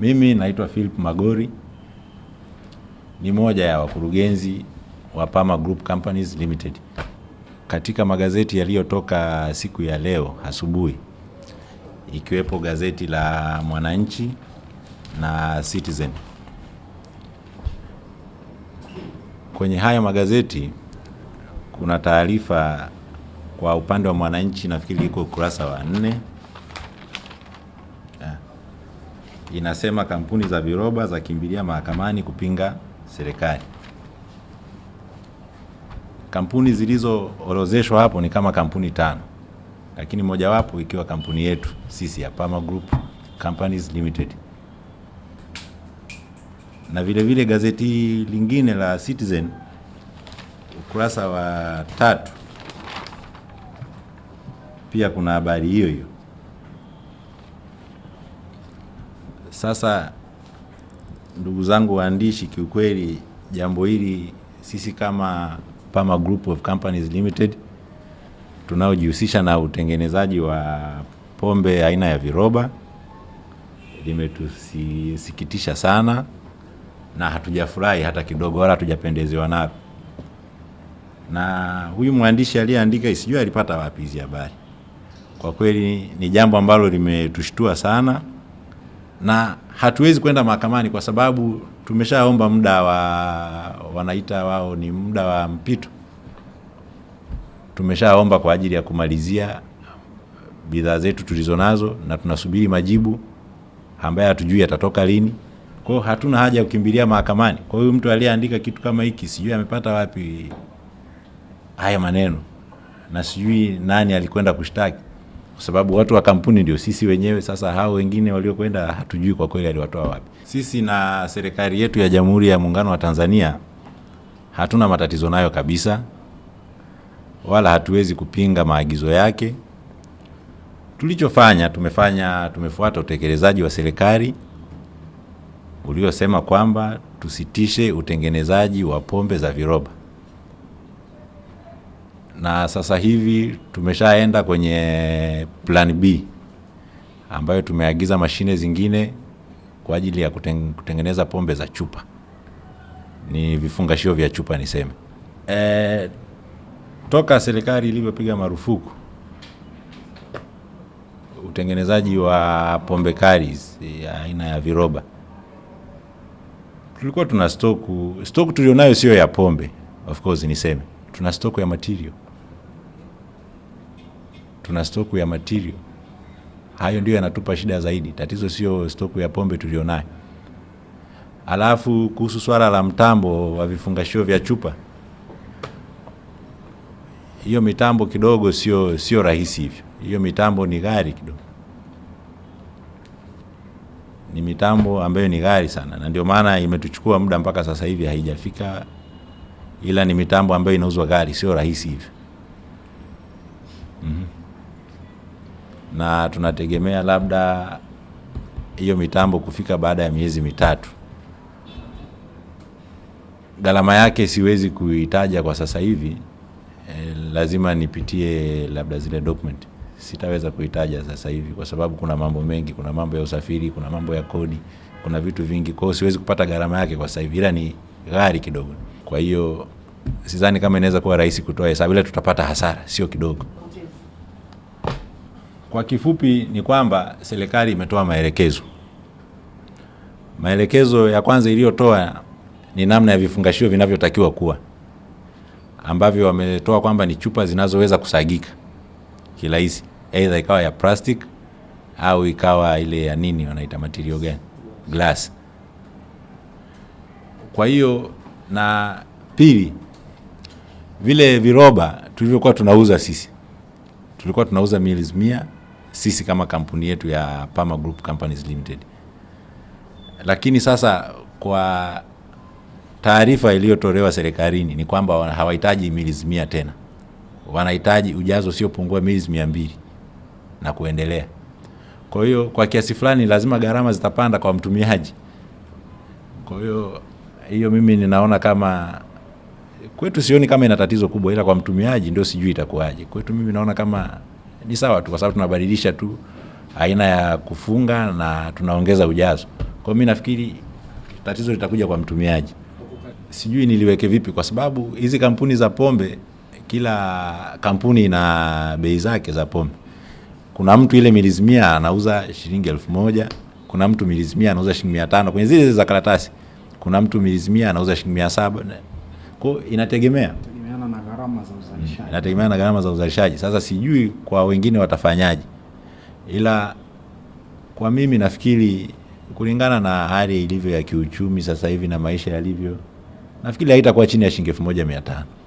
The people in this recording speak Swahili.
Mimi naitwa Philip Magori, ni moja ya wakurugenzi wa Pama Group Companies Limited. Katika magazeti yaliyotoka siku ya leo asubuhi, ikiwepo gazeti la Mwananchi na Citizen. Kwenye haya magazeti kuna taarifa kwa upande wa Mwananchi, nafikiri iko ukurasa wa nne. inasema kampuni za viroba zakimbilia mahakamani kupinga serikali. Kampuni zilizoorozeshwa hapo ni kama kampuni tano, lakini mojawapo ikiwa kampuni yetu sisi ya Pama Group Companies Limited. Na vilevile vile gazeti lingine la Citizen ukurasa wa tatu pia kuna habari hiyo hiyo. Sasa ndugu zangu waandishi, kiukweli jambo hili sisi kama Pama Group of Companies Limited tunaojihusisha na utengenezaji wa pombe aina ya viroba limetusikitisha sana na hatujafurahi hata kidogo, wala hatujapendezewa nalo. Na huyu mwandishi aliyeandika, sijui alipata wapi hizi habari. Kwa kweli ni jambo ambalo limetushtua sana na hatuwezi kwenda mahakamani kwa sababu tumeshaomba muda wa wanaita wao ni muda wa mpito, tumeshaomba kwa ajili ya kumalizia bidhaa zetu tulizonazo, na tunasubiri majibu ambaye hatujui yatatoka lini. Kwa hiyo hatuna haja ya kukimbilia mahakamani. Kwa hiyo mtu aliyeandika kitu kama hiki, sijui amepata wapi haya maneno na sijui nani alikwenda kushtaki kwa sababu watu wa kampuni ndio sisi wenyewe. Sasa hao wengine waliokwenda hatujui kwa kweli aliwatoa wapi. Sisi na serikali yetu ya Jamhuri ya Muungano wa Tanzania hatuna matatizo nayo kabisa, wala hatuwezi kupinga maagizo yake. Tulichofanya tumefanya, tumefuata utekelezaji wa serikali uliosema kwamba tusitishe utengenezaji wa pombe za viroba na sasa hivi tumeshaenda kwenye plan B ambayo tumeagiza mashine zingine kwa ajili ya kutengeneza pombe za chupa, ni vifungashio vya chupa niseme. E, toka serikali ilivyopiga marufuku utengenezaji wa pombe kali ya aina ya viroba, tulikuwa tuna stoku, stoku tulionayo sio ya pombe of course, niseme tuna stoku ya material tuna stoku ya material. Hayo ndio yanatupa shida zaidi, tatizo sio stoku ya pombe tulionayo. Alafu kuhusu swala la mtambo wa vifungashio vya chupa, hiyo mitambo kidogo sio sio rahisi hivyo, hiyo mitambo ni ghali kidogo, ni mitambo ambayo ni ghali sana, na ndio maana imetuchukua muda mpaka sasa hivi haijafika, ila ni mitambo ambayo inauzwa ghali, sio rahisi hivyo. na tunategemea labda hiyo mitambo kufika baada ya miezi mitatu. Gharama yake siwezi kuitaja kwa sasa hivi e, lazima nipitie labda zile document. Sitaweza kuitaja sasa hivi kwa sababu kuna mambo mengi, kuna mambo ya usafiri, kuna mambo ya kodi, kuna vitu vingi, kwa hiyo siwezi kupata gharama yake kwa sasa hivi, ila ni ghali kidogo. Kwa hiyo sidhani kama inaweza kuwa rahisi kutoa hesabu, ila tutapata hasara sio kidogo. Kwa kifupi ni kwamba serikali imetoa maelekezo. Maelekezo ya kwanza iliyotoa ni namna ya vifungashio vinavyotakiwa kuwa, ambavyo wametoa kwamba ni chupa zinazoweza kusagika kirahisi, aidha ikawa ya plastic au ikawa ile ya nini wanaita material gani, glass. Kwa hiyo na pili, vile viroba tulivyokuwa tunauza sisi tulikuwa tunauza mililita sisi kama kampuni yetu ya Pama Group Companies Limited. Lakini sasa kwa taarifa iliyotolewa serikalini ni kwamba hawahitaji mililita mia tena, wanahitaji ujazo usiopungua mililita mia mbili na kuendelea. Kwa hiyo kwa kiasi fulani lazima gharama zitapanda kwa mtumiaji. Kwa hiyo hiyo mimi ninaona kama kwetu, sioni kama ina tatizo kubwa, ila kwa mtumiaji ndio sijui itakuwaje. Kwetu mimi naona kama ni sawa tu, kwa sababu tunabadilisha tu aina ya kufunga na tunaongeza ujazo. Kwa mimi mi nafikiri tatizo litakuja kwa mtumiaji, sijui niliweke vipi, kwa sababu hizi kampuni za pombe, kila kampuni ina bei zake za pombe. Kuna mtu ile milizimia anauza shilingi elfu moja kuna mtu milizimia anauza shilingi mia tano kwenye zile za karatasi, kuna mtu milizimia anauza shilingi mia saba Kwa inategemea, inategemeana na gharama za inategemea na gharama za uzalishaji. Sasa sijui kwa wengine watafanyaje, ila kwa mimi nafikiri kulingana na hali ilivyo ya kiuchumi sasa hivi na maisha yalivyo, nafikiri haitakuwa chini ya shilingi elfu moja mia tano.